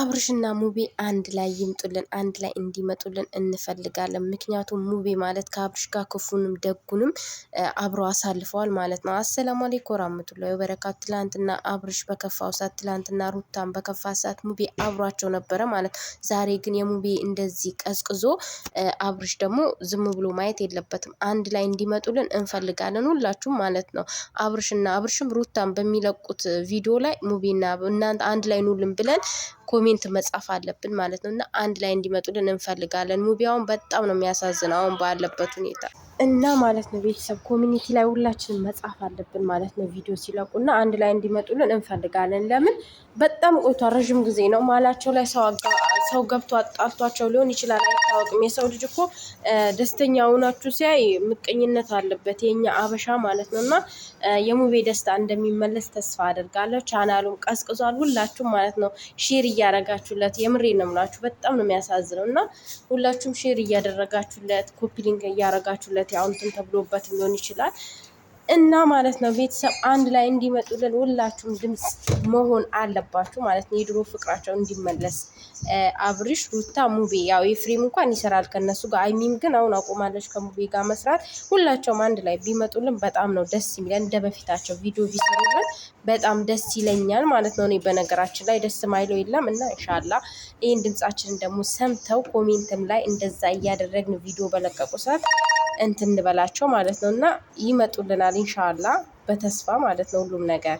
አብርሽና ሙቤ አንድ ላይ ይምጡልን፣ አንድ ላይ እንዲመጡልን እንፈልጋለን። ምክንያቱም ሙቤ ማለት ከአብርሽ ጋር ክፉንም ደጉንም አብሮ አሳልፈዋል ማለት ነው። አሰላሙ አለይኩም ወራህመቱላሂ ወበረካቱ። ትላንትና አብርሽ በከፋው ሰዓት፣ ትላንትና ሩታን በከፋ ሰዓት ሙቤ አብሯቸው ነበረ ማለት ነው። ዛሬ ግን የሙቤ እንደዚህ ቀዝቅዞ አብርሽ ደግሞ ዝም ብሎ ማየት የለበትም። አንድ ላይ እንዲመጡልን እንፈልጋለን ሁላችሁም ማለት ነው። አብርሽና አብርሽም ሩታን በሚለቁት ቪዲዮ ላይ ሙቤና እናንተ አንድ ላይ ኑልን ብለን ኮሜንት መጻፍ አለብን ማለት ነው እና አንድ ላይ እንዲመጡልን እንፈልጋለን። ሙቢያውን በጣም ነው የሚያሳዝነው አሁን ባለበት ሁኔታ እና ማለት ነው ቤተሰብ ኮሚኒቲ ላይ ሁላችንም መጻፍ አለብን ማለት ነው። ቪዲዮ ሲለቁ እና አንድ ላይ እንዲመጡልን እንፈልጋለን። ለምን በጣም ቆይቷ ረዥም ጊዜ ነው። ማላቸው ላይ ሰው ገብቶ አጣልቷቸው ሊሆን ይችላል፣ አይታወቅም። የሰው ልጅ እኮ ደስተኛ ሆናችሁ ሲያይ ምቀኝነት አለበት የኛ አበሻ ማለት ነው። እና የሙቤ ደስታ እንደሚመለስ ተስፋ አደርጋለሁ። ቻናሉም ቀዝቅዟል። ሁላችሁም ማለት ነው ሼር እያረጋችሁለት፣ የምሬ ነው ምላችሁ፣ በጣም ነው የሚያሳዝነው። እና ሁላችሁም ሼር እያደረጋችሁለት፣ ኮፒሊንግ እያረጋችሁለት ማለት ያው እንትን ተብሎበት ሊሆን ይችላል እና ማለት ነው ቤተሰብ አንድ ላይ እንዲመጡልን ሁላችሁም ድምፅ መሆን አለባችሁ ማለት ነው። የድሮ ፍቅራቸው እንዲመለስ አብርሽ፣ ሩታ፣ ሙቤ ያው ኤፍሬም እንኳን ይሰራል ከነሱ ጋር አይሚም ግን አሁን አቁማለች ከሙቤ ጋር መስራት። ሁላቸውም አንድ ላይ ቢመጡልን በጣም ነው ደስ የሚለን። እንደ በፊታቸው ቪዲዮ ቢሰሩልን በጣም ደስ ይለኛል ማለት ነው። እኔ በነገራችን ላይ ደስ ማይለው የለም እና እንሻላ ይህን ድምጻችንን ደግሞ ሰምተው ኮሜንትም ላይ እንደዛ እያደረግን ቪዲዮ በለቀቁ ሰዓት እንትን እንበላቸው ማለት ነው እና ይመጡልናል ኢንሻላ በተስፋ ማለት ነው ሁሉም ነገር